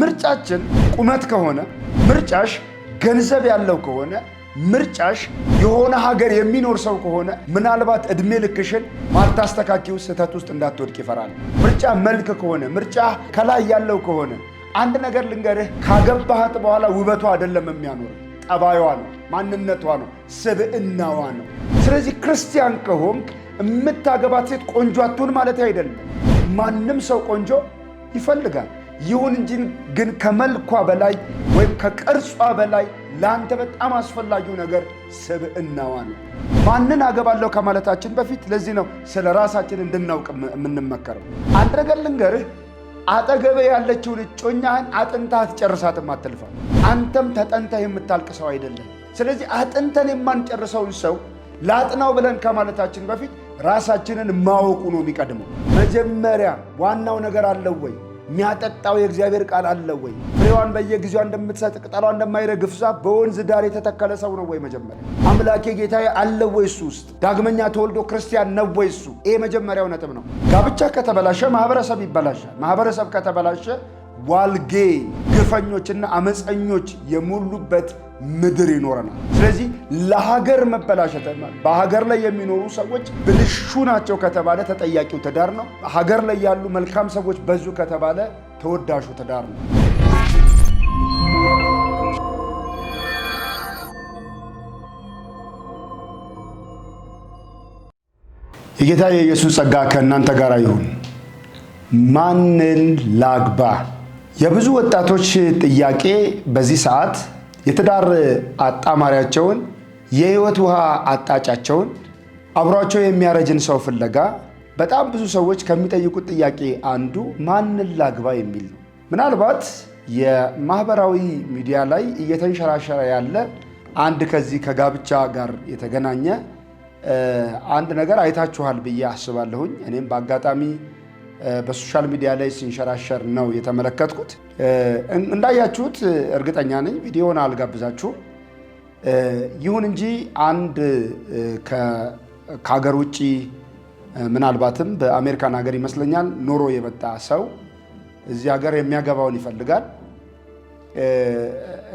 ምርጫችን ቁመት ከሆነ ምርጫሽ ገንዘብ ያለው ከሆነ ምርጫሽ የሆነ ሀገር የሚኖር ሰው ከሆነ ምናልባት እድሜ ልክሽን ማታስተካኪው ስህተት ውስጥ እንዳትወድቅ ይፈራል። ምርጫ መልክ ከሆነ ምርጫ ከላይ ያለው ከሆነ አንድ ነገር ልንገርህ፣ ካገባሃት በኋላ ውበቷ አይደለም የሚያኖር ጠባዩዋ ነው፣ ማንነቷ ነው፣ ስብዕናዋ ነው። ስለዚህ ክርስቲያን ከሆንክ የምታገባት ሴት ቆንጆ አትሁን ማለት አይደለም። ማንም ሰው ቆንጆ ይፈልጋል። ይሁን እንጂ ግን ከመልኳ በላይ ወይም ከቅርጿ በላይ ለአንተ በጣም አስፈላጊው ነገር ስብዕናዋ ነው። ማንን አገባለሁ ከማለታችን በፊት ለዚህ ነው ስለ ራሳችን እንድናውቅ የምንመከረው። አንድ ነገር ልንገርህ፣ አጠገበ ያለችውን እጮኛህን አጥንታ አትጨርሳትም፣ አትልፋል። አንተም ተጠንተህ የምታልቅ ሰው አይደለም። ስለዚህ አጥንተን የማንጨርሰውን ሰው ላጥናው ብለን ከማለታችን በፊት ራሳችንን ማወቁ ነው የሚቀድመው። መጀመሪያ ዋናው ነገር አለው ወይ የሚያጠጣው የእግዚአብሔር ቃል አለ ወይ? ፍሬዋን በየጊዜዋ እንደምትሰጥ ቅጠሏ እንደማይረግፍ ዛፍ በወንዝ ዳር የተተከለ ሰው ነው ወይ? መጀመሪያ አምላኬ ጌታዬ አለ ወይ? እሱ ውስጥ ዳግመኛ ተወልዶ ክርስቲያን ነው ወይ? እሱ ይሄ የመጀመሪያው ነጥብ ነው። ጋብቻ ከተበላሸ ማህበረሰብ ይበላሻል። ማህበረሰብ ከተበላሸ ዋልጌ ግፈኞችና አመፀኞች የሞሉበት ምድር ይኖረናል። ስለዚህ ለሀገር መበላሸት በሀገር ላይ የሚኖሩ ሰዎች ብልሹ ናቸው ከተባለ ተጠያቂው ትዳር ነው። ሀገር ላይ ያሉ መልካም ሰዎች በዙ ከተባለ ተወዳሹ ትዳር ነው። የጌታ የኢየሱስ ጸጋ ከእናንተ ጋር ይሁን። ማንን ላግባ? የብዙ ወጣቶች ጥያቄ በዚህ ሰዓት የትዳር አጣማሪያቸውን፣ የህይወት ውሃ አጣጫቸውን፣ አብሯቸው የሚያረጅን ሰው ፍለጋ በጣም ብዙ ሰዎች ከሚጠይቁት ጥያቄ አንዱ ማንን ላግባ የሚል ነው። ምናልባት የማህበራዊ ሚዲያ ላይ እየተንሸራሸረ ያለ አንድ ከዚህ ከጋብቻ ጋር የተገናኘ አንድ ነገር አይታችኋል ብዬ አስባለሁኝ። እኔም በአጋጣሚ በሶሻል ሚዲያ ላይ ሲንሸራሸር ነው የተመለከትኩት። እንዳያችሁት እርግጠኛ ነኝ ቪዲዮን አልጋብዛችሁም። ይሁን እንጂ አንድ ከሀገር ውጭ ምናልባትም በአሜሪካን ሀገር ይመስለኛል ኖሮ የመጣ ሰው እዚህ ሀገር የሚያገባውን ይፈልጋል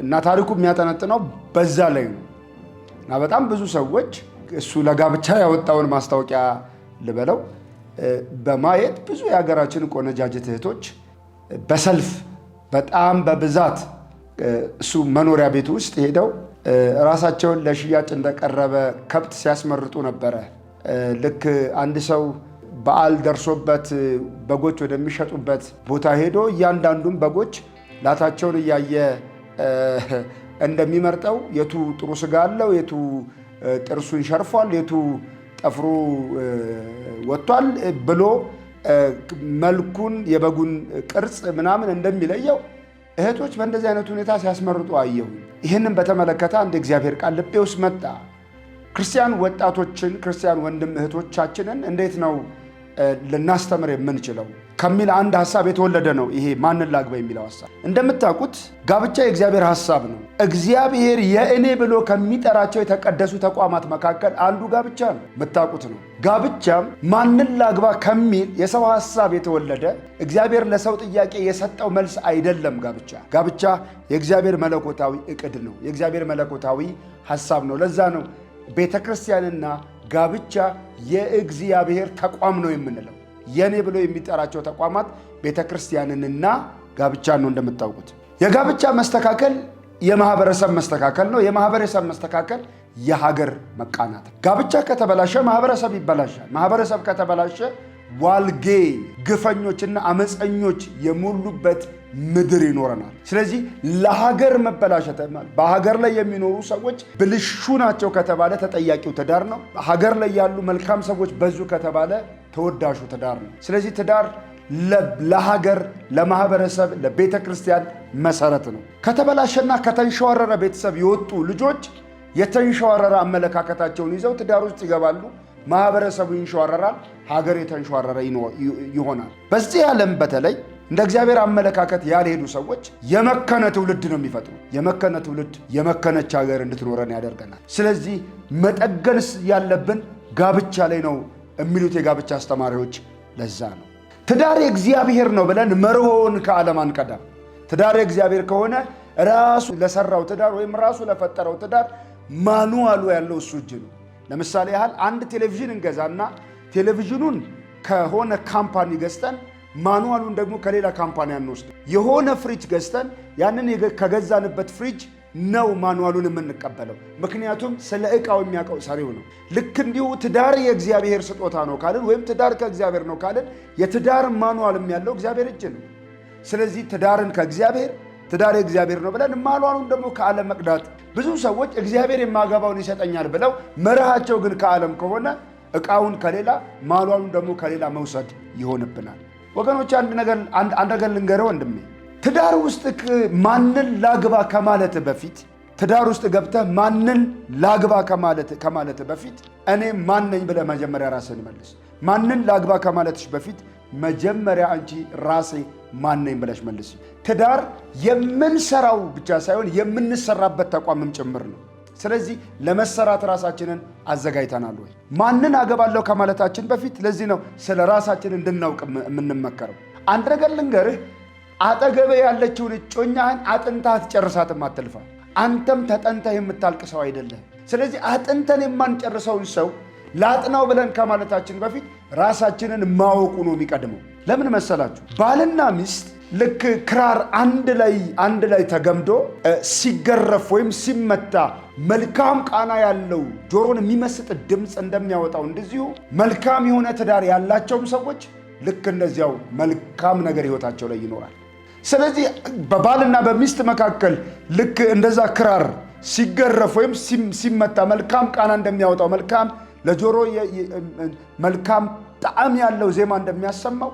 እና ታሪኩ የሚያጠነጥነው በዛ ላይ ነው እና በጣም ብዙ ሰዎች እሱ ለጋብቻ ያወጣውን ማስታወቂያ ልበለው በማየት ብዙ የሀገራችን ቆነጃጀት እህቶች በሰልፍ በጣም በብዛት እሱ መኖሪያ ቤቱ ውስጥ ሄደው ራሳቸውን ለሽያጭ እንደቀረበ ከብት ሲያስመርጡ ነበረ። ልክ አንድ ሰው በዓል ደርሶበት በጎች ወደሚሸጡበት ቦታ ሄዶ እያንዳንዱም በጎች ላታቸውን እያየ እንደሚመርጠው የቱ ጥሩ ስጋ አለው፣ የቱ ጥርሱን ሸርፏል፣ የቱ ጠፍሩ ወጥቷል ብሎ መልኩን የበጉን ቅርጽ ምናምን እንደሚለየው እህቶች በእንደዚህ አይነት ሁኔታ ሲያስመርጡ አየሁ። ይህንን በተመለከተ አንድ እግዚአብሔር ቃል ልቤ ውስጥ መጣ። ክርስቲያን ወጣቶችን ክርስቲያን ወንድም እህቶቻችንን እንዴት ነው ልናስተምር የምንችለው ከሚል አንድ ሀሳብ የተወለደ ነው። ይሄ ማንን ላግባ የሚለው ሀሳብ እንደምታውቁት ጋብቻ የእግዚአብሔር ሀሳብ ነው። እግዚአብሔር የእኔ ብሎ ከሚጠራቸው የተቀደሱ ተቋማት መካከል አንዱ ጋብቻ ነው። የምታውቁት ነው። ጋብቻም ማንን ላግባ ከሚል የሰው ሀሳብ የተወለደ እግዚአብሔር ለሰው ጥያቄ የሰጠው መልስ አይደለም። ጋብቻ ጋብቻ የእግዚአብሔር መለኮታዊ እቅድ ነው። የእግዚአብሔር መለኮታዊ ሀሳብ ነው። ለዛ ነው ቤተ ክርስቲያንና ጋብቻ የእግዚአብሔር ተቋም ነው የምንለው የኔ ብሎ የሚጠራቸው ተቋማት ቤተ ክርስቲያንንና ጋብቻን ነው። እንደምታውቁት የጋብቻ መስተካከል የማህበረሰብ መስተካከል ነው። የማህበረሰብ መስተካከል የሀገር መቃናት ነው። ጋብቻ ከተበላሸ ማህበረሰብ ይበላሻል። ማህበረሰብ ከተበላሸ ዋልጌ ግፈኞችና አመፀኞች የሞሉበት ምድር ይኖረናል። ስለዚህ ለሀገር መበላሸት በሀገር ላይ የሚኖሩ ሰዎች ብልሹ ናቸው ከተባለ ተጠያቂው ትዳር ነው። ሀገር ላይ ያሉ መልካም ሰዎች በዙ ከተባለ ተወዳሹ ትዳር ነው። ስለዚህ ትዳር ለሀገር፣ ለማህበረሰብ፣ ለቤተ ክርስቲያን መሰረት ነው። ከተበላሸና ከተንሸዋረረ ቤተሰብ የወጡ ልጆች የተንሸዋረረ አመለካከታቸውን ይዘው ትዳር ውስጥ ይገባሉ። ማህበረሰቡ ይንሸዋረራል፣ ሀገር የተንሸዋረረ ይሆናል። በዚህ ዓለም በተለይ እንደ እግዚአብሔር አመለካከት ያልሄዱ ሰዎች የመከነ ትውልድ ነው የሚፈጥሩ። የመከነ ትውልድ የመከነች ሀገር እንድትኖረን ያደርገናል። ስለዚህ መጠገን ያለብን ጋብቻ ላይ ነው የሚሉት የጋብቻ አስተማሪዎች። ለዛ ነው ትዳር የእግዚአብሔር ነው ብለን መርሆውን ከዓለም አንቀዳም። ትዳር የእግዚአብሔር ከሆነ ራሱ ለሰራው ትዳር ወይም ራሱ ለፈጠረው ትዳር ማኑዋሉ ያለው እሱ እጅ ነው። ለምሳሌ ያህል አንድ ቴሌቪዥን እንገዛና ቴሌቪዥኑን ከሆነ ካምፓኒ ገዝተን ማኑዋሉን ደግሞ ከሌላ ካምፓኒ አንወስድ። የሆነ ፍሪጅ ገዝተን ያንን ከገዛንበት ፍሪጅ ነው ማኑዋሉን የምንቀበለው። ምክንያቱም ስለ እቃው የሚያውቀው ሰሪው ነው። ልክ እንዲሁ ትዳር የእግዚአብሔር ስጦታ ነው ካልን ወይም ትዳር ከእግዚአብሔር ነው ካልን የትዳር ማኑዋልም ያለው እግዚአብሔር እጅ ነው። ስለዚህ ትዳርን ከእግዚአብሔር ትዳር የእግዚአብሔር ነው ብለን ማሏኑን ደግሞ ከዓለም መቅዳት። ብዙ ሰዎች እግዚአብሔር የማገባውን ይሰጠኛል ብለው መርሃቸው ግን ከዓለም ከሆነ እቃውን ከሌላ ማሏኑን ደግሞ ከሌላ መውሰድ ይሆንብናል። ወገኖች አንድ ነገር አንድ ነገር ልንገረው ወንድሜ፣ ትዳር ውስጥ ማንን ላግባ ከማለት በፊት ትዳር ውስጥ ገብተህ ማንን ላግባ ከማለት ከማለት በፊት እኔ ማን ነኝ ብለህ መጀመሪያ ራስህን መልስ። ማንን ላግባ ከማለትሽ በፊት መጀመሪያ አንቺ ራሴ ማን ነኝ ብለሽ መልስ። ትዳር የምንሰራው ብቻ ሳይሆን የምንሰራበት ተቋምም ጭምር ነው። ስለዚህ ለመሰራት ራሳችንን አዘጋጅተናል ወይ? ማንን አገባለሁ ከማለታችን በፊት ለዚህ ነው ስለ ራሳችን እንድናውቅ የምንመከረው። አንድ ነገር ልንገርህ፣ አጠገበ ያለችውን እጮኛህን አጥንተህ አትጨርሳትም፣ አትልፋ። አንተም ተጠንተህ የምታልቅ ሰው አይደለህ። ስለዚህ አጥንተን የማንጨርሰውን ሰው ላጥናው ብለን ከማለታችን በፊት ራሳችንን ማወቁ ነው የሚቀድመው። ለምን መሰላችሁ? ባልና ሚስት ልክ ክራር አንድ ላይ አንድ ላይ ተገምዶ ሲገረፍ ወይም ሲመታ መልካም ቃና ያለው ጆሮን የሚመስጥ ድምፅ እንደሚያወጣው እንደዚሁ መልካም የሆነ ትዳር ያላቸውም ሰዎች ልክ እንደዚያው መልካም ነገር ሕይወታቸው ላይ ይኖራል። ስለዚህ በባልና በሚስት መካከል ልክ እንደዛ ክራር ሲገረፍ ወይም ሲመታ መልካም ቃና እንደሚያወጣው መልካም ለጆሮ መልካም ጣዕም ያለው ዜማ እንደሚያሰማው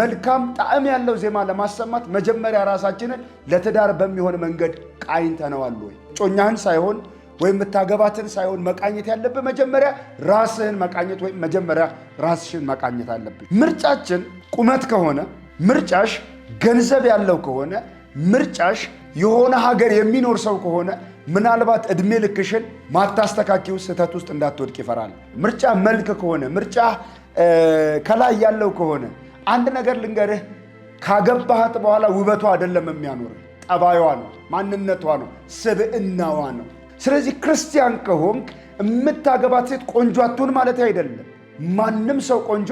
መልካም ጣዕም ያለው ዜማ ለማሰማት መጀመሪያ ራሳችንን ለትዳር በሚሆን መንገድ ቃኝተነዋል ወይ? እጮኛህን ሳይሆን ወይም የምታገባትን ሳይሆን መቃኘት ያለብህ መጀመሪያ ራስህን መቃኘት ወይም መጀመሪያ ራስሽን መቃኘት አለብህ። ምርጫችን ቁመት ከሆነ ምርጫሽ ገንዘብ ያለው ከሆነ ምርጫሽ የሆነ ሀገር የሚኖር ሰው ከሆነ ምናልባት እድሜ ልክሽን ማታስተካኪው ስህተት ውስጥ እንዳትወድቅ ይፈራል። ምርጫ መልክ ከሆነ ምርጫ ከላይ ያለው ከሆነ አንድ ነገር ልንገርህ፣ ካገባሃት በኋላ ውበቷ አይደለም የሚያኖር ጠባዩዋ ነው፣ ማንነቷ ነው፣ ስብዕናዋ ነው። ስለዚህ ክርስቲያን ከሆንክ የምታገባት ሴት ቆንጆ አትሁን ማለት አይደለም። ማንም ሰው ቆንጆ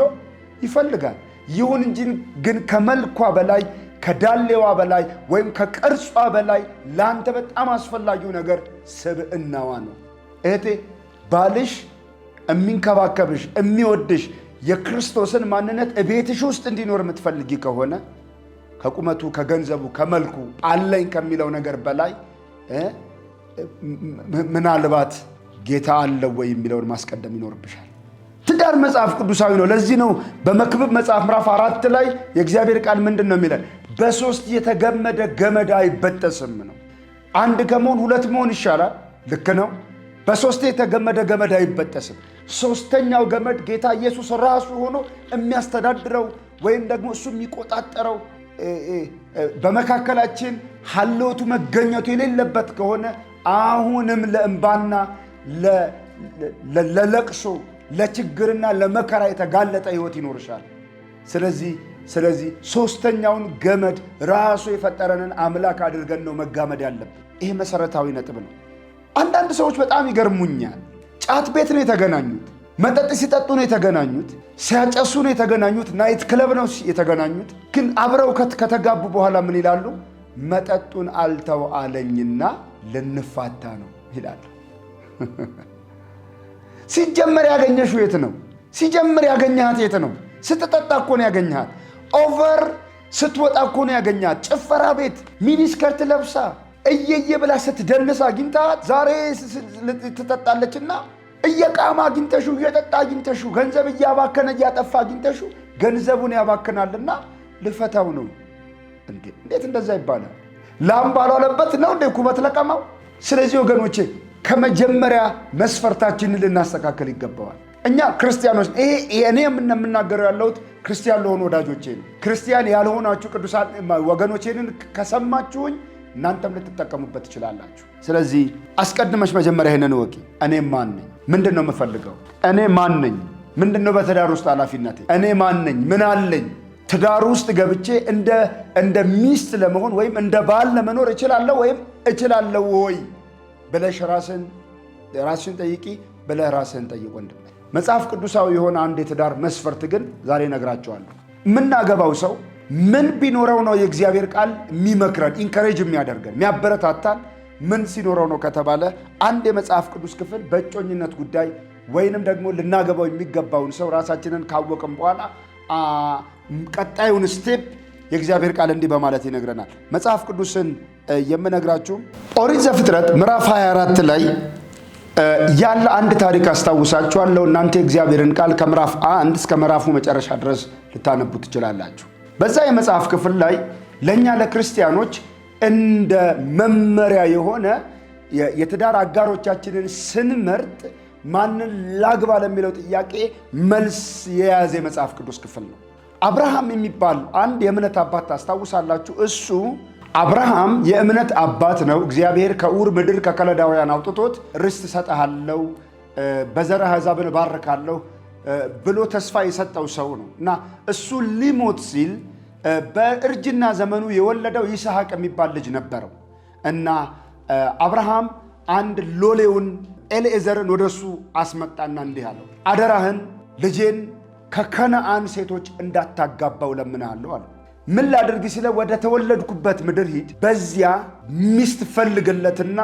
ይፈልጋል። ይሁን እንጂ ግን ከመልኳ በላይ ከዳሌዋ በላይ ወይም ከቅርጿ በላይ ለአንተ በጣም አስፈላጊው ነገር ስብዕናዋ ነው። እህቴ ባልሽ የሚንከባከብሽ የሚወድሽ የክርስቶስን ማንነት እቤትሽ ውስጥ እንዲኖር የምትፈልጊ ከሆነ ከቁመቱ፣ ከገንዘቡ፣ ከመልኩ አለኝ ከሚለው ነገር በላይ ምናልባት ጌታ አለው ወይ የሚለውን ማስቀደም ይኖርብሻል። ትዳር መጽሐፍ ቅዱሳዊ ነው። ለዚህ ነው በመክብብ መጽሐፍ ምዕራፍ አራት ላይ የእግዚአብሔር ቃል ምንድን ነው የሚለን? በሶስት የተገመደ ገመድ አይበጠስም ነው። አንድ ከመሆን ሁለት መሆን ይሻላል። ልክ ነው። በሶስት የተገመደ ገመድ አይበጠስም። ሶስተኛው ገመድ ጌታ ኢየሱስ ራሱ ሆኖ የሚያስተዳድረው ወይም ደግሞ እሱ የሚቆጣጠረው በመካከላችን ሀልወቱ መገኘቱ የሌለበት ከሆነ አሁንም ለእንባና ለለቅሶ ለችግርና ለመከራ የተጋለጠ ህይወት ይኖርሻል። ስለዚህ ስለዚህ ሶስተኛውን ገመድ ራሱ የፈጠረንን አምላክ አድርገን ነው መጋመድ ያለብን። ይሄ መሰረታዊ ነጥብ ነው። አንዳንድ ሰዎች በጣም ይገርሙኛል። ጫት ቤት ነው የተገናኙት፣ መጠጥ ሲጠጡ ነው የተገናኙት፣ ሲያጨሱ ነው የተገናኙት፣ ናይት ክለብ ነው የተገናኙት። ግን አብረው ከተጋቡ በኋላ ምን ይላሉ? መጠጡን አልተው አለኝና ልንፋታ ነው ይላሉ። ሲጀመር ያገኘሽው የት ነው? ሲጀምር ያገኘሃት የት ነው? ስትጠጣ እኮ ነው ያገኘሃት። ኦቨር ስትወጣ እኮ ነው ያገኘሃት። ጭፈራ ቤት ሚኒስከርት ለብሳ እየየ ብላ ስትደንስ አግኝታት ዛሬ ትጠጣለችና እየቃማ አግኝተሹ እየጠጣ አግኝተሹ ገንዘብ እያባከነ እያጠፋ አግኝተሹ ገንዘቡን ያባክናልና ልፈታው ነው። እንዴት እንደዛ ይባላል? ላም ባሏለበት ነው እንዴ ኩበት ለቀማው? ስለዚህ ወገኖቼ ከመጀመሪያ መስፈርታችንን ልናስተካከል ይገባዋል። እኛ ክርስቲያኖች ይሄ እኔ የምናገረው ያለሁት ክርስቲያን ለሆኑ ወዳጆቼ ነው። ክርስቲያን ያልሆናችሁ ቅዱሳን ወገኖቼንን ከሰማችሁኝ እናንተም ልትጠቀሙበት ትችላላችሁ። ስለዚህ አስቀድመሽ መጀመሪያ ይሄንን እወቂ። እኔ ማን ነኝ? ምንድን ነው የምፈልገው? እኔ ማን ነኝ? ምንድን ነው በትዳር ውስጥ ኃላፊነቴ? እኔ ማን ነኝ? ምን አለኝ? ትዳር ውስጥ ገብቼ እንደ ሚስት ለመሆን ወይም እንደ ባል ለመኖር እችላለሁ ወይም እችላለሁ ወይ ብለሽ ራስን ራስሽን ጠይቂ ብለህ ራስህን ጠይቅ ወንድም። መጽሐፍ ቅዱሳዊ የሆነ አንድ የትዳር መስፈርት ግን ዛሬ ነግራቸዋለሁ የምናገባው ሰው ምን ቢኖረው ነው የእግዚአብሔር ቃል የሚመክረን ኢንከሬጅ የሚያደርገን የሚያበረታታን ምን ሲኖረው ነው ከተባለ አንድ የመጽሐፍ ቅዱስ ክፍል በእጮኝነት ጉዳይ ወይንም ደግሞ ልናገባው የሚገባውን ሰው ራሳችንን ካወቅም በኋላ ቀጣዩን ስቴፕ የእግዚአብሔር ቃል እንዲህ በማለት ይነግረናል። መጽሐፍ ቅዱስን የምነግራችሁ ኦሪት ዘፍጥረት ምዕራፍ 24 ላይ ያለ አንድ ታሪክ አስታውሳችኋለሁ። እናንተ የእግዚአብሔርን ቃል ከምዕራፍ አንድ እስከ ምዕራፉ መጨረሻ ድረስ ልታነቡ ትችላላችሁ። በዛ የመጽሐፍ ክፍል ላይ ለእኛ ለክርስቲያኖች እንደ መመሪያ የሆነ የትዳር አጋሮቻችንን ስንመርጥ ማንን ላግባ ለሚለው ጥያቄ መልስ የያዘ የመጽሐፍ ቅዱስ ክፍል ነው። አብርሃም የሚባል አንድ የእምነት አባት ታስታውሳላችሁ። እሱ አብርሃም የእምነት አባት ነው። እግዚአብሔር ከዑር ምድር ከከለዳውያን አውጥቶት ርስት እሰጥሃለሁ፣ በዘረ አሕዛብን እባርካለሁ ብሎ ተስፋ የሰጠው ሰው ነው እና እሱ ሊሞት ሲል በእርጅና ዘመኑ የወለደው ይስሐቅ የሚባል ልጅ ነበረው እና አብርሃም አንድ ሎሌውን ኤልኤዘርን ወደሱ አስመጣና እንዲህ አለው፣ አደራህን ልጄን ከከነአን ሴቶች እንዳታጋባው ለምንሃለሁ አለ። ምን ላድርግ ሲለ፣ ወደ ተወለድኩበት ምድር ሂድ፣ በዚያ ሚስት ፈልግለትና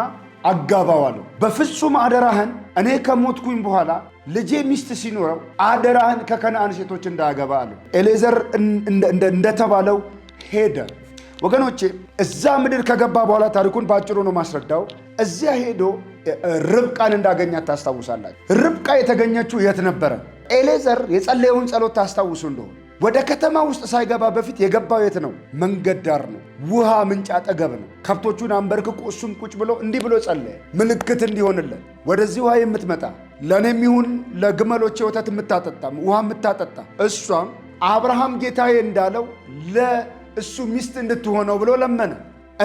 አጋባዋለሁ። በፍጹም አደራህን እኔ ከሞትኩኝ በኋላ ልጄ ሚስት ሲኖረው አደራህን ከከነአን ሴቶች እንዳያገባ አለ። ኤሌዘር እንደተባለው ሄደ። ወገኖቼ እዛ ምድር ከገባ በኋላ ታሪኩን በአጭሩ ነው ማስረዳው። እዚያ ሄዶ ርብቃን እንዳገኛት ታስታውሳላችሁ። ርብቃ የተገኘችው የት ነበረ? ኤሌዘር የጸለየውን ጸሎት ታስታውሱ እንደሆነ ወደ ከተማ ውስጥ ሳይገባ በፊት የገባው የት ነው? መንገድ ዳር ነው። ውሃ ምንጭ አጠገብ ነው። ከብቶቹን አንበርክቆ እሱም ቁጭ ብሎ እንዲህ ብሎ ጸለየ፣ ምልክት እንዲሆንለት ወደዚህ ውሃ የምትመጣ ለእኔም ይሁን ለግመሎቼ ወተት የምታጠጣ ውሃ የምታጠጣ እሷም አብርሃም ጌታዬ እንዳለው ለእሱ ሚስት እንድትሆነው ብሎ ለመነ።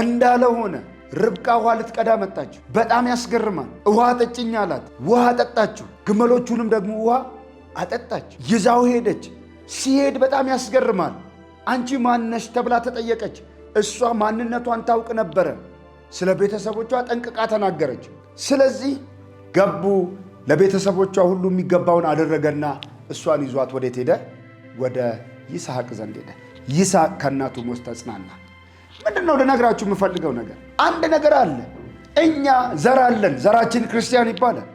እንዳለ ሆነ። ርብቃ ውሃ ልትቀዳ መጣችሁ። በጣም ያስገርማል። ውሃ ጠጭኝ አላት። ውሃ አጠጣችሁ። ግመሎቹንም ደግሞ ውሃ አጠጣችሁ። ይዛው ሄደች። ሲሄድ በጣም ያስገርማል። አንቺ ማነሽ ተብላ ተጠየቀች። እሷ ማንነቷን ታውቅ ነበረ። ስለ ቤተሰቦቿ ጠንቅቃ ተናገረች። ስለዚህ ገቡ። ለቤተሰቦቿ ሁሉ የሚገባውን አደረገና እሷን ይዟት ወዴት ሄደ? ወደ ይስሐቅ ዘንድ ሄደ። ይስሐቅ ከእናቱ ሞት ተጽናና። ምንድን ነው ልነግራችሁ የምፈልገው ነገር፣ አንድ ነገር አለ። እኛ ዘር አለን። ዘራችን ክርስቲያን ይባላል።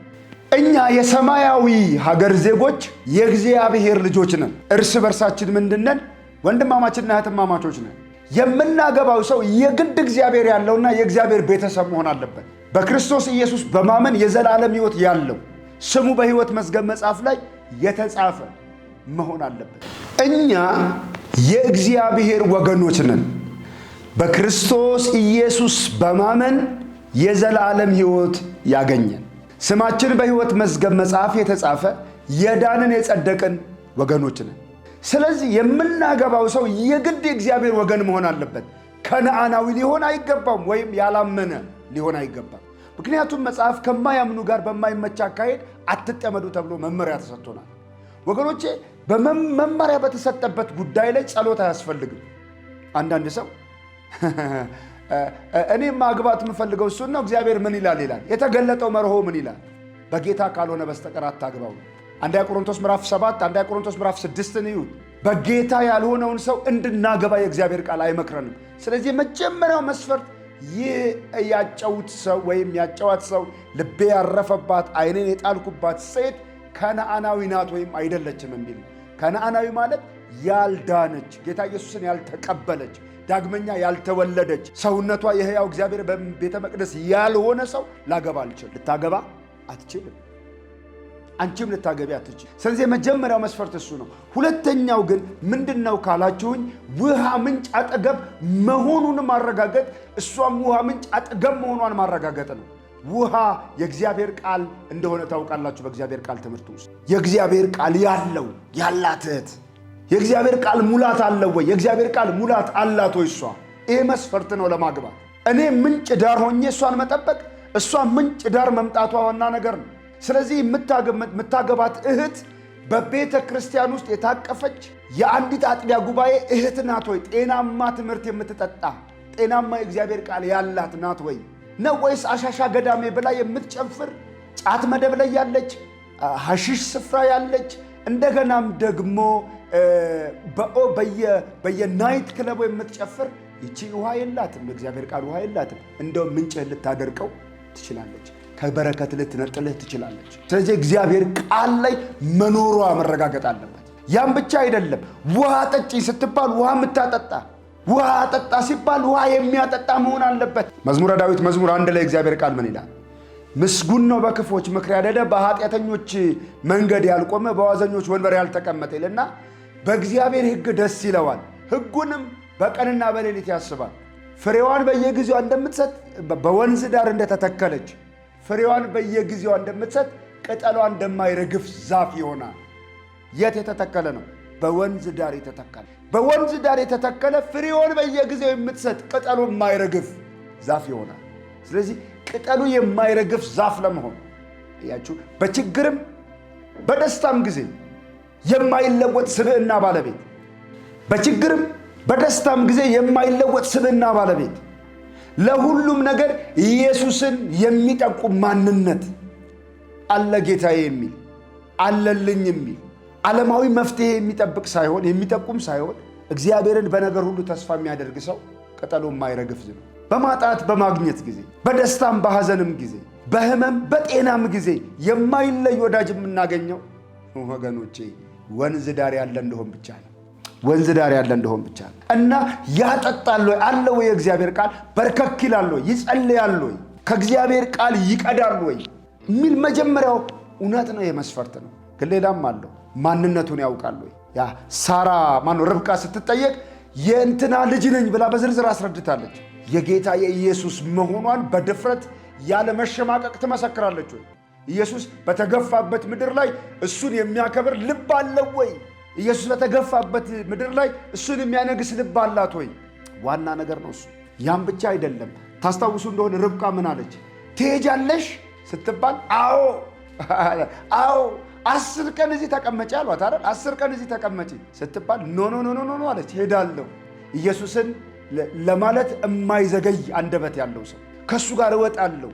እኛ የሰማያዊ ሀገር ዜጎች የእግዚአብሔር ልጆች ነን። እርስ በርሳችን ምንድነን? ወንድማማችንና እህትማማቾች ነን። የምናገባው ሰው የግድ እግዚአብሔር ያለውና የእግዚአብሔር ቤተሰብ መሆን አለበት። በክርስቶስ ኢየሱስ በማመን የዘላለም ሕይወት ያለው ስሙ በሕይወት መዝገብ መጽሐፍ ላይ የተጻፈ መሆን አለበት። እኛ የእግዚአብሔር ወገኖች ነን። በክርስቶስ ኢየሱስ በማመን የዘላለም ሕይወት ያገኘን ስማችን በሕይወት መዝገብ መጽሐፍ የተጻፈ የዳንን የጸደቅን ወገኖች ነን። ስለዚህ የምናገባው ሰው የግድ የእግዚአብሔር ወገን መሆን አለበት። ከነአናዊ ሊሆን አይገባም፣ ወይም ያላመነ ሊሆን አይገባም። ምክንያቱም መጽሐፍ ከማያምኑ ጋር በማይመች አካሄድ አትጠመዱ ተብሎ መመሪያ ተሰጥቶናል። ወገኖቼ በመመሪያ በተሰጠበት ጉዳይ ላይ ጸሎት አያስፈልግም። አንዳንድ ሰው እኔ ማግባት የምፈልገው እሱን ነው። እግዚአብሔር ምን ይላል ይላል። የተገለጠው መርሆ ምን ይላል? በጌታ ካልሆነ በስተቀር አታግባው። አንዳ ቆሮንቶስ ምዕራፍ 7 አንዳ ቆሮንቶስ ምዕራፍ 6 ነው። በጌታ ያልሆነውን ሰው እንድናገባ የእግዚአብሔር ቃል አይመክረንም። ስለዚህ የመጀመሪያው መስፈርት ይህ ያጨውት ሰው ወይም ያጨዋት ሰው ልቤ ያረፈባት አይኔን የጣልኩባት ሴት ከነአናዊ ናት ወይም አይደለችም የሚል ከነአናዊ ማለት ያልዳነች ጌታ ኢየሱስን ያልተቀበለች ዳግመኛ ያልተወለደች ሰውነቷ የሕያው እግዚአብሔር ቤተ መቅደስ ያልሆነ ሰው ላገባ አልችል ልታገባ አትችልም። አንቺም ልታገቢ አትች። ስለዚህ የመጀመሪያው መስፈርት እሱ ነው። ሁለተኛው ግን ምንድን ነው ካላችሁኝ ውሃ ምንጭ አጠገብ መሆኑን ማረጋገጥ፣ እሷም ውሃ ምንጭ አጠገብ መሆኗን ማረጋገጥ ነው። ውሃ የእግዚአብሔር ቃል እንደሆነ ታውቃላችሁ። በእግዚአብሔር ቃል ትምህርት ውስጥ የእግዚአብሔር ቃል ያለው ያላት እህት የእግዚአብሔር ቃል ሙላት አለወይ ወይ? የእግዚአብሔር ቃል ሙላት አላት ወይ? እሷ ይህ መስፈርት ነው ለማግባት። እኔ ምንጭ ዳር ሆኜ እሷን መጠበቅ እሷ ምንጭ ዳር መምጣቷ ዋና ነገር ነው። ስለዚህ የምታገባት እህት በቤተ ክርስቲያን ውስጥ የታቀፈች የአንዲት አጥቢያ ጉባኤ እህት ናት ወይ? ጤናማ ትምህርት የምትጠጣ ጤናማ የእግዚአብሔር ቃል ያላት ናት ወይ ነው ወይስ አሻሻ ገዳሜ ብላ የምትጨፍር ጫት መደብ ላይ ያለች ሐሺሽ ስፍራ ያለች እንደገናም ደግሞ በየናይት ክለቡ የምትጨፍር ይቺ ውሃ የላትም፣ በእግዚአብሔር ቃል ውሃ የላትም። እንደው ምንጭህ ልታደርቀው ትችላለች፣ ከበረከት ልትነጥልህ ትችላለች። ስለዚህ እግዚአብሔር ቃል ላይ መኖሯ መረጋገጥ አለበት። ያም ብቻ አይደለም። ውሃ ጠጪ ስትባል ውሃ የምታጠጣ ውሃ አጠጣ ሲባል ውሃ የሚያጠጣ መሆን አለበት። መዝሙረ ዳዊት መዝሙር አንድ ላይ እግዚአብሔር ቃል ምን ይላል? ምስጉን ነው በክፎች ምክር ያደደ፣ በኃጢአተኞች መንገድ ያልቆመ፣ በዋዘኞች ወንበር ያልተቀመጠ ይልና በእግዚአብሔር ሕግ ደስ ይለዋል፣ ሕጉንም በቀንና በሌሊት ያስባል። ፍሬዋን በየጊዜዋ እንደምትሰጥ በወንዝ ዳር እንደተተከለች ፍሬዋን በየጊዜዋ እንደምትሰጥ ቅጠሏ እንደማይረግፍ ዛፍ ይሆናል። የት የተተከለ ነው? በወንዝ ዳር የተተከለ በወንዝ ዳር የተተከለ ፍሬውን በየጊዜው የምትሰጥ ቅጠሉ የማይረግፍ ዛፍ ይሆናል። ስለዚህ ቅጠሉ የማይረግፍ ዛፍ ለመሆን ያችሁ በችግርም በደስታም ጊዜ የማይለወጥ ስብዕና ባለቤት፣ በችግርም በደስታም ጊዜ የማይለወጥ ስብዕና ባለቤት፣ ለሁሉም ነገር ኢየሱስን የሚጠቁም ማንነት አለ። ጌታዬ የሚል አለልኝ የሚል ዓለማዊ መፍትሄ የሚጠብቅ ሳይሆን የሚጠቁም ሳይሆን እግዚአብሔርን በነገር ሁሉ ተስፋ የሚያደርግ ሰው ቅጠሉ የማይረግፍ ዝም በማጣት በማግኘት ጊዜ በደስታም በሐዘንም ጊዜ በህመም በጤናም ጊዜ የማይለይ ወዳጅ የምናገኘው ወገኖቼ ወንዝ ዳር ያለ እንደሆን ብቻ ነው። ወንዝ ዳር ያለ እንደሆን ብቻ ነው እና ያጠጣል ወይ አለ ወይ የእግዚአብሔር ቃል በርከክ ይላል ወይ ይጸልያል ወይ ከእግዚአብሔር ቃል ይቀዳል ወይ የሚል መጀመሪያው እውነት ነው። የመስፈርት ነው። ግን ሌላም አለው። ማንነቱን ያውቃል ወይ? ያ ሳራ ማነው ርብቃ ስትጠየቅ የእንትና ልጅ ነኝ ብላ በዝርዝር አስረድታለች። የጌታ የኢየሱስ መሆኗን በድፍረት ያለ መሸማቀቅ ትመሰክራለች ወይ? ኢየሱስ በተገፋበት ምድር ላይ እሱን የሚያከብር ልብ አለው ወይ? ኢየሱስ በተገፋበት ምድር ላይ እሱን የሚያነግስ ልብ አላት ወይ? ዋና ነገር ነው እሱ። ያም ብቻ አይደለም። ታስታውሱ እንደሆነ ርብቃ ምን አለች? ትሄጃለሽ ስትባል አዎ አዎ አስር ቀን እዚህ ተቀመጪ አሏት አይደል? አስር ቀን እዚህ ተቀመጪ ስትባል ኖ ኖ ኖ ኖ አለች፣ ሄዳለሁ። ኢየሱስን ለማለት እማይዘገይ አንደበት ያለው ሰው ከእሱ ጋር እወጣለሁ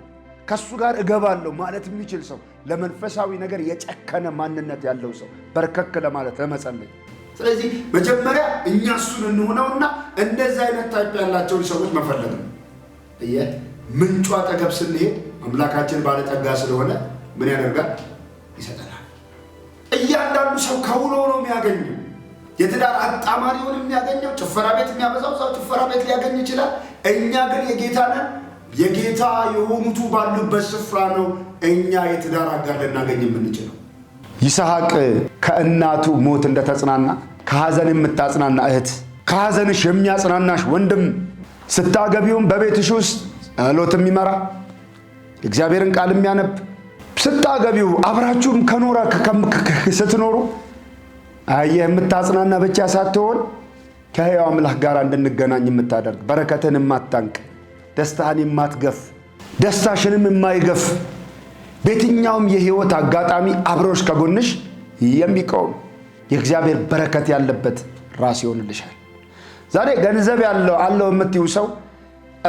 ከሱ ጋር እገባለሁ ማለት የሚችል ሰው፣ ለመንፈሳዊ ነገር የጨከነ ማንነት ያለው ሰው በርከክ ለማለት ለመጸለይ። ስለዚህ መጀመሪያ እኛ እሱን እንሆነውና እንደዚህ አይነት ታይፕ ያላቸውን ሰዎች መፈለግ ነው። ምንጩ አጠገብ ስንሄድ አምላካችን ባለጠጋ ስለሆነ ምን ያደርጋል? ይሰጠናል። እያንዳንዱ ሰው ከውሎ ነው የሚያገኘው። የትዳር አጣማሪውን የሚያገኘው ጭፈራ ቤት የሚያበዛው ሰው ጭፈራ ቤት ሊያገኝ ይችላል። እኛ ግን የጌታ ነን። የጌታ የሆኑቱ ባሉበት ስፍራ ነው እኛ የትዳር አጋር ልናገኝ የምንችለው። ይስሐቅ ከእናቱ ሞት እንደተጽናና ከሐዘን የምታጽናና እህት፣ ከሐዘንሽ የሚያጽናናሽ ወንድም፣ ስታገቢውም በቤትሽ ውስጥ ጸሎት የሚመራ እግዚአብሔርን ቃል የሚያነብ ስታገቢው አብራችሁም ከኖረ ስትኖሩ አየ የምታጽናና ብቻ ሳትሆን ከሕያው አምላክ ጋር እንድንገናኝ የምታደርግ በረከትን የማታንቅ ደስታን የማትገፍ ደስታሽንም የማይገፍ በየትኛውም የህይወት አጋጣሚ አብሮሽ ከጎንሽ የሚቆም የእግዚአብሔር በረከት ያለበት ራስ ይሆንልሻል። ዛሬ ገንዘብ ያለው አለው የምትይው ሰው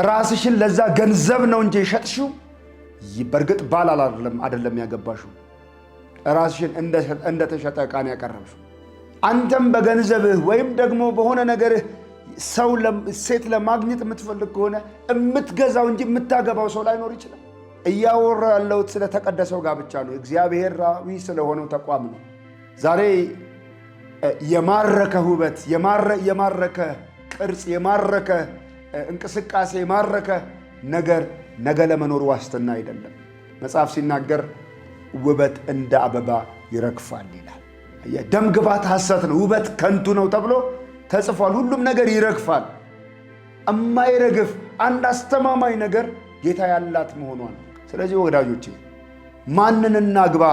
ራስሽን ለዛ ገንዘብ ነው እንጂ የሸጥሽው በእርግጥ ባል አላለም አደለም ያገባሽው ራስሽን እንደተሸጠ ዕቃ ያቀረብሽው። አንተም በገንዘብህ ወይም ደግሞ በሆነ ነገርህ ሰው ሴት ለማግኘት የምትፈልግ ከሆነ የምትገዛው እንጂ የምታገባው ሰው ላይኖር ይችላል። እያወራ ያለሁት ስለ ተቀደሰው ጋብቻ ነው። እግዚአብሔራዊ ስለሆነው ተቋም ነው። ዛሬ የማረከ ውበት፣ የማረከ ቅርጽ፣ የማረከ እንቅስቃሴ፣ የማረከ ነገር ነገ ለመኖር ዋስትና አይደለም። መጽሐፍ ሲናገር ውበት እንደ አበባ ይረግፋል ይላል። ደምግባት ሐሰት ነው፣ ውበት ከንቱ ነው ተብሎ ተጽፏል። ሁሉም ነገር ይረግፋል። እማይረግፍ አንድ አስተማማኝ ነገር ጌታ ያላት መሆኗን። ስለዚህ ወዳጆቼ ማንን እናግባ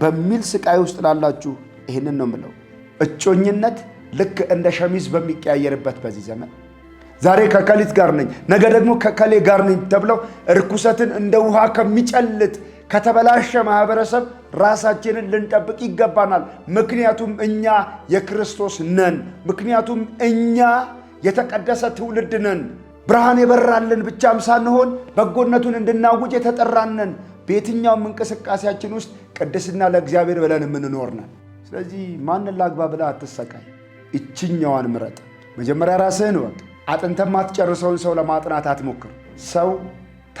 በሚል ስቃይ ውስጥ ላላችሁ ይህንን ነው የምለው። እጮኝነት ልክ እንደ ሸሚዝ በሚቀያየርበት በዚህ ዘመን ዛሬ ከከሊት ጋር ነኝ፣ ነገ ደግሞ ከከሌ ጋር ነኝ ተብለው ርኩሰትን እንደ ውሃ ከሚጨልጥ ከተበላሸ ማህበረሰብ ራሳችንን ልንጠብቅ ይገባናል። ምክንያቱም እኛ የክርስቶስ ነን። ምክንያቱም እኛ የተቀደሰ ትውልድ ነን። ብርሃን የበራልን ብቻም ሳንሆን በጎነቱን እንድናውጅ የተጠራነን። በየትኛውም እንቅስቃሴያችን ውስጥ ቅድስና ለእግዚአብሔር ብለን የምንኖር ነን። ስለዚህ ማንን ላግባ ብላ አትሰቃይ፣ እችኛዋን ምረጥ። መጀመሪያ ራስህን ወቅ። አጥንተ የማትጨርሰውን ሰው ለማጥናት አትሞክር። ሰው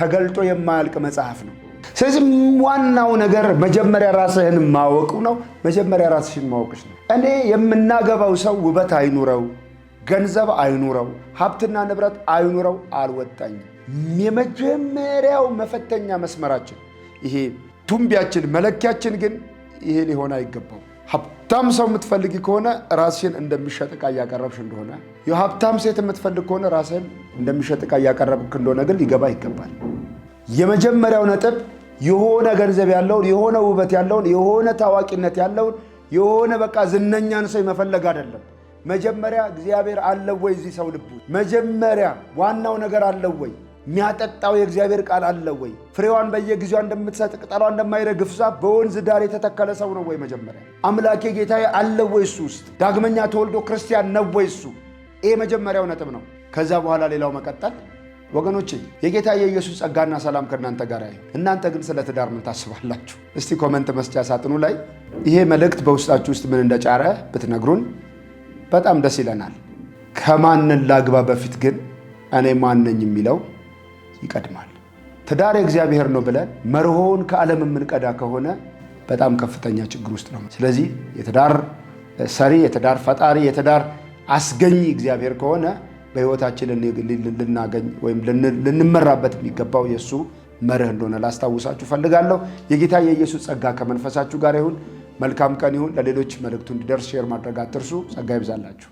ተገልጦ የማያልቅ መጽሐፍ ነው። ስለዚህ ዋናው ነገር መጀመሪያ ራስህን ማወቁ ነው። መጀመሪያ ራስሽን ማወቅሽ ነው። እኔ የምናገባው ሰው ውበት አይኑረው፣ ገንዘብ አይኑረው፣ ሀብትና ንብረት አይኑረው አልወጣኝም። የመጀመሪያው መፈተኛ መስመራችን ይሄ ቱምቢያችን መለኪያችን ግን ይሄ ሊሆን አይገባው። ሀብታም ሰው የምትፈልጊ ከሆነ ራስሽን እንደሚሸጥ እያቀረብሽ እንደሆነ፣ የሀብታም ሴት የምትፈልግ ከሆነ ራስህን እንደሚሸጥ እያቀረብክ እንደሆነ ግን ሊገባ ይገባል። የመጀመሪያው ነጥብ የሆነ ገንዘብ ያለውን የሆነ ውበት ያለውን የሆነ ታዋቂነት ያለውን የሆነ በቃ ዝነኛን ሰው መፈለግ አይደለም። መጀመሪያ እግዚአብሔር አለው ወይ እዚህ ሰው ልቡ፣ መጀመሪያ ዋናው ነገር አለው ወይ የሚያጠጣው የእግዚአብሔር ቃል አለው ወይ፣ ፍሬዋን በየጊዜዋ እንደምትሰጥ ቅጠሏ እንደማይረግፍ ዛፍ በወንዝ ዳር የተተከለ ሰው ነው ወይ? መጀመሪያ አምላኬ ጌታዬ አለው ወይ እሱ ውስጥ? ዳግመኛ ተወልዶ ክርስቲያን ነው ወይ እሱ? ይሄ መጀመሪያው ነጥብ ነው። ከዛ በኋላ ሌላው መቀጠል ወገኖቼ የጌታ የኢየሱስ ጸጋና ሰላም ከእናንተ ጋር ይሁን። እናንተ ግን ስለ ትዳር ምን ታስባላችሁ? እስቲ ኮመንት መስጫ ሳጥኑ ላይ ይሄ መልእክት በውስጣችሁ ውስጥ ምን እንደጫረ ብትነግሩን በጣም ደስ ይለናል። ከማንን ላግባ በፊት ግን እኔ ማነኝ የሚለው ይቀድማል። ትዳር የእግዚአብሔር ነው ብለን መርሆውን ከዓለም የምንቀዳ ከሆነ በጣም ከፍተኛ ችግር ውስጥ ነው። ስለዚህ የትዳር ሰሪ፣ የትዳር ፈጣሪ፣ የትዳር አስገኝ እግዚአብሔር ከሆነ በህይወታችን ልናገኝ ወይም ልንመራበት የሚገባው የእሱ መርህ እንደሆነ ላስታውሳችሁ ፈልጋለሁ። የጌታ የኢየሱስ ጸጋ ከመንፈሳችሁ ጋር ይሁን። መልካም ቀን ይሁን። ለሌሎች መልእክቱ እንዲደርስ ሼር ማድረግ አትርሱ። ጸጋ ይብዛላችሁ።